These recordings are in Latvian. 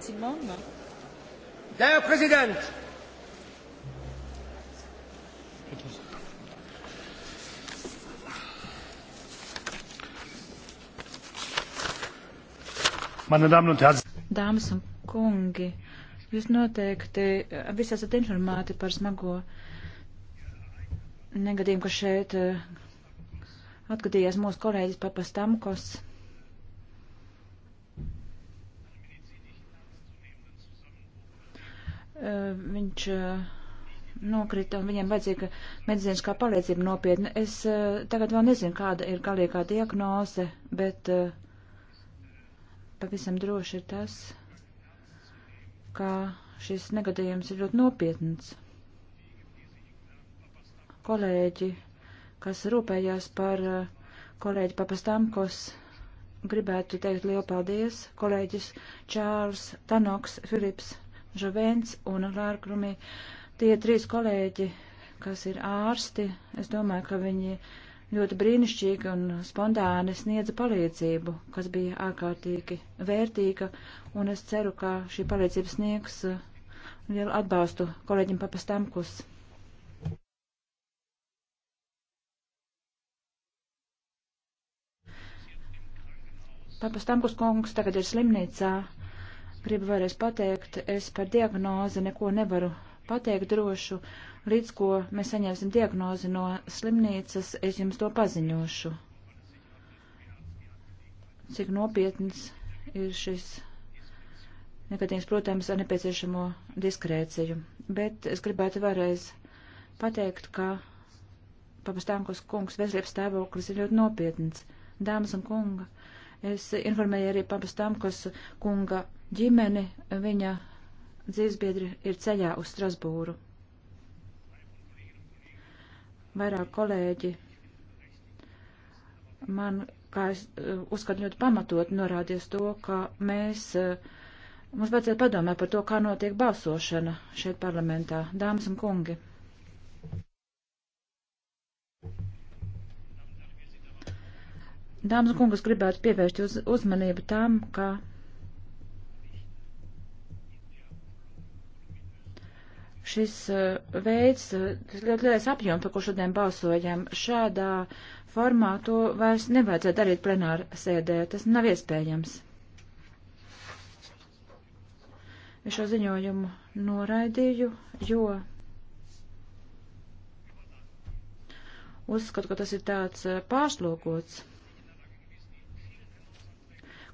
maximum. Der Präsident! Meine Damen und Herren! Dāmas un kungi, jūs noteikti visi esat informēti par smago negadījumu, kas šeit eh, atgadījās mūsu kolēģis Papas Tamkos. Eh, viņš eh, nokrita un viņiem vajadzīga medicīniskā palīdzība nopietna. Es eh, tagad vēl nezinu, kāda ir galīgā diagnoze, bet pavisam droši ir tas, ka šis negadījums ir ļoti nopietns. Kolēģi, kas rūpējās par kolēģi Papastamkos, gribētu teikt lielu paldies. Kolēģis Čārls Tanoks Filips Žavens un Lārkrumi. Tie trīs kolēģi, kas ir ārsti, es domāju, ka viņi ļoti brīnišķīgi un spontāni sniedza palīdzību, kas bija ārkārtīgi vērtīga, un es ceru, ka šī palīdzība sniegs uh, lielu atbalstu kolēģim papastamkus. Papastamkus kungs tagad ir slimnīcā. Gribu vēlreiz pateikt, es par diagnozi neko nevaru pateikt drošu, līdz ko mēs saņemsim diagnozi no slimnīcas, es jums to paziņošu. Cik nopietns ir šis negadījums, protams, ar nepieciešamo diskrēciju. Bet es gribētu vēlreiz pateikt, ka papastānkos kungs veselības stāvoklis ir ļoti nopietns. Dāmas un kunga, Es informēju arī papastamkos kunga ģimeni, viņa dzīvesbiedri ir ceļā uz Strasbūru. Vairāk kolēģi man, kā es eh, uzskatu, ļoti pamatot norādies to, ka mēs, eh, mums vajadzētu padomāt par to, kā notiek balsošana šeit parlamentā, dāmas un kungi. Dāmas un kungas gribētu pievērst uz, uzmanību tam, ka šis uh, veids, uh, tas ļoti lielais apjoms, par ko šodien balsojam, šādā formā to vairs nevajadzētu darīt plenāra sēdē. Tas nav iespējams. Es šo ziņojumu noraidīju, jo uzskatu, ka tas ir tāds uh, pārslokots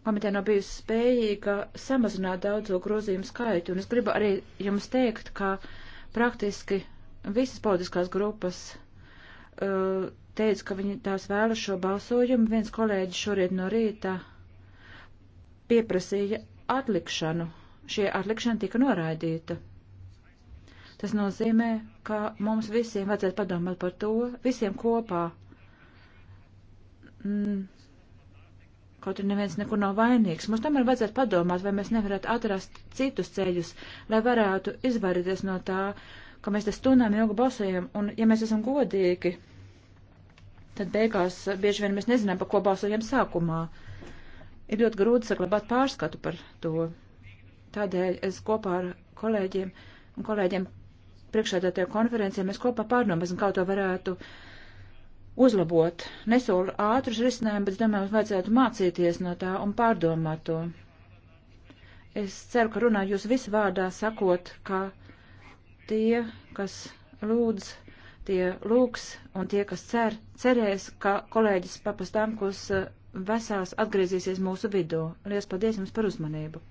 komiteja nav bijusi spējīga samazināt daudzo grozījumu skaitu, un es gribu arī jums teikt, ka praktiski visas politiskās grupas uh, teica, ka viņi tās vēlas šo balsojumu. Viens kolēģis šorīt no rīta pieprasīja atlikšanu. Šie atlikšana tika noraidīta. Tas nozīmē, ka mums visiem vajadzētu padomāt par to, visiem kopā. Mm kaut arī neviens nekur nav vainīgs. Mums tomēr vajadzētu padomāt, vai mēs nevarētu atrast citus ceļus, lai varētu izvairīties no tā, ka mēs te stundām ilgi balsojam, un ja mēs esam godīgi, tad beigās bieži vien mēs nezinām, par ko balsojam sākumā. Ir ļoti grūti saglabāt pārskatu par to. Tādēļ es kopā ar kolēģiem un kolēģiem priekšādātajā konferencijā mēs kopā pārdomāsim, kā to varētu uh, uzlabot. Nesolu ātrus risinājumus, bet, domāju, vajadzētu mācīties no tā un pārdomāt to. Es ceru, ka runāju jūs visu vārdā sakot, ka tie, kas lūdz, tie lūgs un tie, kas cer, cerēs, ka kolēģis papastām, kas eh, vesels atgriezīsies mūsu vidū. Lielas paldies jums par uzmanību!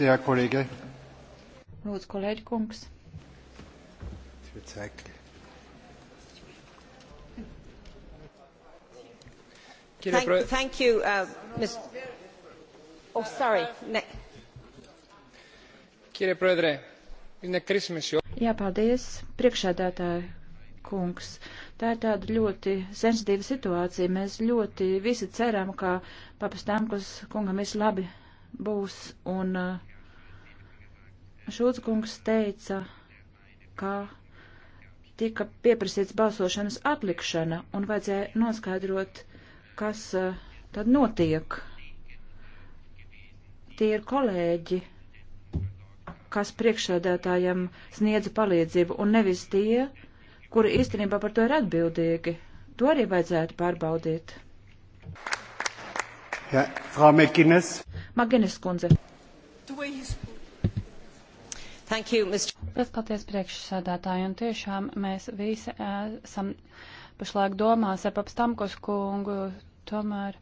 der kolēģe. Lūdzu, kolēģi kungs. Thank, thank you, uh, Ms. Oh, sorry. Ne. Κύριε Πρόεδρε, είναι κρίσιμες οι Jā, paldies, priekšādātāji kungs. Tā ir tāda ļoti sensitīva situācija. Mēs ļoti visi ceram, ka papastām, kas kungam viss labi būs un uh, Šūtskungs teica, ka tika pieprasīts balsošanas atlikšana un vajadzēja noskaidrot, kas eh, tad notiek. Tie ir kolēģi, kas priekšsēdētājiem sniedza palīdzību, un nevis tie, kuri īstenībā par to ir atbildīgi. To arī vajadzētu pārbaudīt. Ja, Frau Magines. Magines kundze. Tu esi Thank you, Mr. Paldies, priekšsēdētāji, un tiešām mēs visi esam pašlaik domās ar papstamkos kungu, tomēr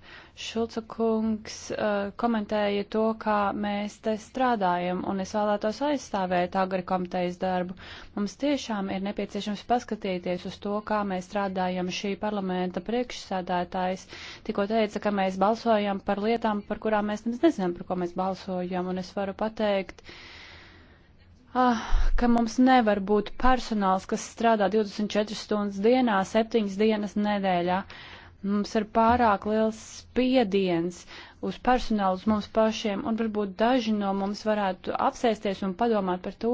Šulca kungs uh, komentēja to, kā mēs te strādājam, un es vēlētos aizstāvēt agri komitejas darbu. Mums tiešām ir nepieciešams paskatīties uz to, kā mēs strādājam. Šī parlamenta priekšsādātājs tikko teica, ka mēs balsojam par lietām, par kurām mēs nezinām, par ko mēs balsojam, un es varu pateikt, uh, ah, ka mums nevar būt personāls, kas strādā 24 stundas dienā, 7 dienas nedēļā. Mums ir pārāk liels spiediens uz personālu, uz mums pašiem, un varbūt daži no mums varētu apsēsties un padomāt par to,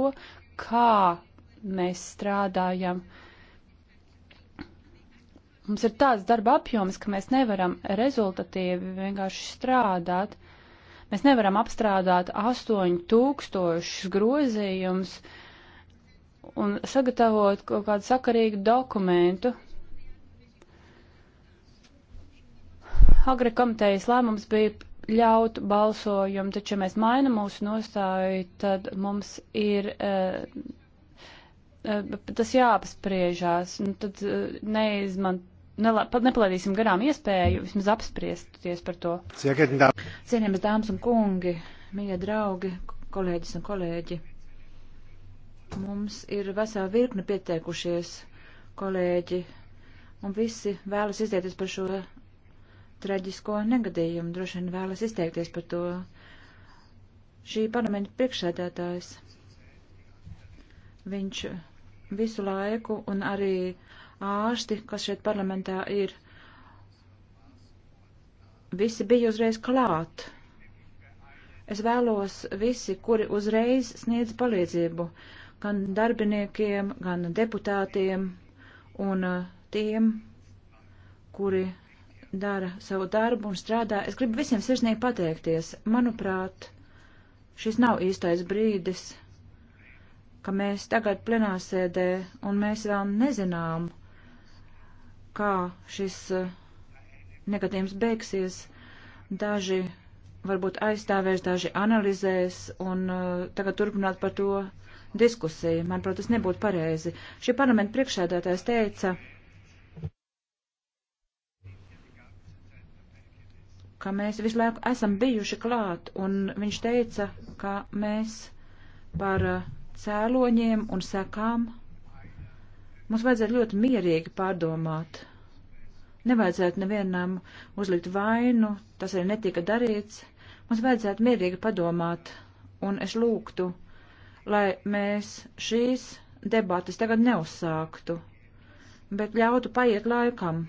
kā mēs strādājam. Mums ir tāds darba apjoms, ka mēs nevaram rezultatīvi vienkārši strādāt. Uh, Mēs nevaram apstrādāt 8000 grozījumus un sagatavot kaut kādu sakarīgu dokumentu. Agri komitejas lēmums bija ļaut balsojumu, taču, ja mēs mainam mūsu nostāju, tad mums ir uh, uh, tas jāapspriežās. Nu, tad uh, eh, neizmant nepalaidīsim garām iespēju vismaz apspriesties par to. Cienījamas dāmas un kungi, mīļie draugi, kolēģis un kolēģi. Mums ir vesela virkne pieteikušies kolēģi, un visi vēlas izteikties par šo traģisko negadījumu, droši vien vēlas izteikties par to. Šī parlamenta priekšsēdētājs, viņš visu laiku un arī uh, ārsti, kas šeit parlamentā ir, visi bija uzreiz klāt. Es vēlos visi, kuri uzreiz sniedz palīdzību, gan darbiniekiem, gan deputātiem un uh, tiem, kuri dara savu darbu un strādā. Es gribu visiem sirsnīgi pateikties. Manuprāt, šis nav īstais brīdis, ka mēs tagad plenāsēdē un mēs vēl nezinām, kā šis eh, negadījums beigsies. Daži varbūt aizstāvēs, daži analizēs un uh, tagad turpināt par to diskusiju. Manuprāt, tas nebūtu pareizi. Šī parlamenta priekšsēdētājs teica, ka mēs visu laiku esam bijuši klāt, un viņš teica, ka mēs par eh, cēloņiem un sekām Mums vajadzētu ļoti mierīgi pārdomāt. Nevajadzētu nevienam uzlikt vainu, tas arī netika darīts. Mums vajadzētu mierīgi padomāt, un es lūgtu, lai mēs šīs debatas tagad neuzsāktu, bet ļautu paiet laikam.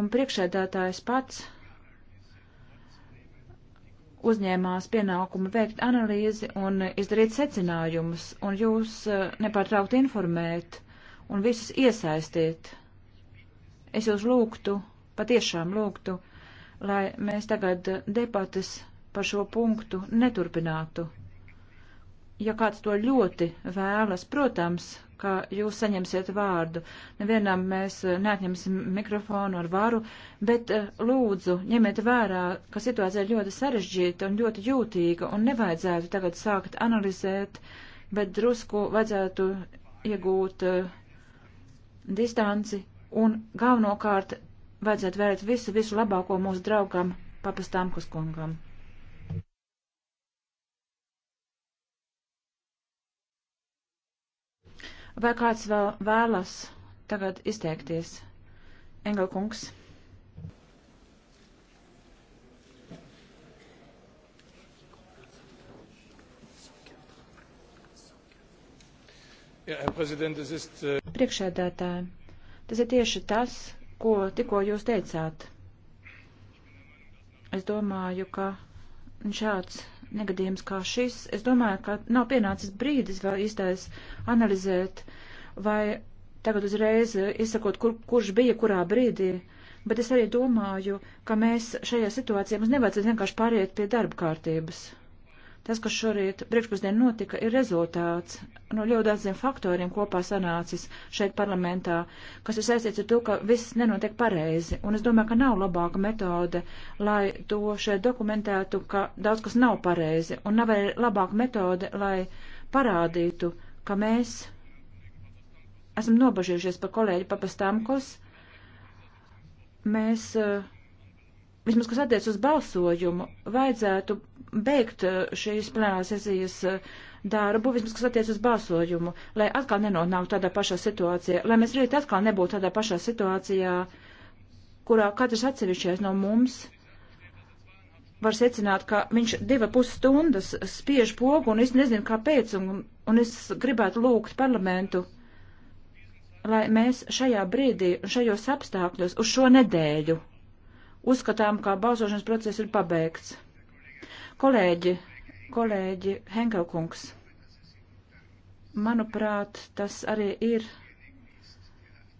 Un priekšēdētājs pats uzņēmās pienākumu veikt analīzi un izdarīt secinājumus, un jūs eh, nepārtraukt informēt un visus iesaistīt. Es jūs lūgtu, patiešām lūgtu, lai mēs tagad debatas par šo punktu neturpinātu ja kāds to ļoti vēlas, protams, ka jūs saņemsiet vārdu. Nevienam mēs eh, neatņemsim mikrofonu ar varu, bet eh, lūdzu, ņemiet vērā, ka situācija ir ļoti sarežģīta un ļoti jūtīga un nevajadzētu tagad sākt analizēt, bet drusku vajadzētu iegūt uh, distanci un galvenokārt vajadzētu vērt visu, visu labāko mūsu draugam, papastām kuskungam. Vai kāds vēl vēlas tagad izteikties? Engelkungs. Ja, ist... Äh, Priekšēdētāji, tas ir tieši tas, ko tikko jūs teicāt. Es domāju, ka šāds negadījums kā šis, es domāju, ka nav pienācis brīdis vēl īstais analizēt vai tagad uzreiz izsakot, kur, kurš bija kurā brīdī, bet es arī domāju, ka mēs šajā situācijā mums nevajadzētu vienkārši pāriet pie darba kārtības. Tas, kas šorīt priekšpusdien notika, ir rezultāts no ļoti daudziem faktoriem kopā sanācis šeit parlamentā, kas ir saistīts ar to, ka viss nenotiek pareizi. Un es domāju, ka nav labāka metode, lai to šeit dokumentētu, ka daudz kas nav pareizi. Un nav arī labāka metode, lai parādītu, ka mēs esam nobažījušies par kolēģi papastāmkos. Mēs uh, vismaz, kas attiec uz balsojumu, vajadzētu beigt uh, šīs plenārās sesijas uh, darbu, vismaz, kas attiec uz balsojumu, lai atkal nenonāktu tādā pašā situācijā, lai mēs rīt atkal nebūtu tādā pašā situācijā, kurā katrs atsevišķais no mums var secināt, ka viņš diva pusstundas spiež pogu, un es nezinu, kāpēc, un, un es gribētu lūgt parlamentu, lai mēs šajā brīdī, šajos apstākļos, uz šo nedēļu uzskatām, ka balsošanas process ir pabeigts. Kolēģi, kolēģi Henkelkungs, manuprāt, tas arī ir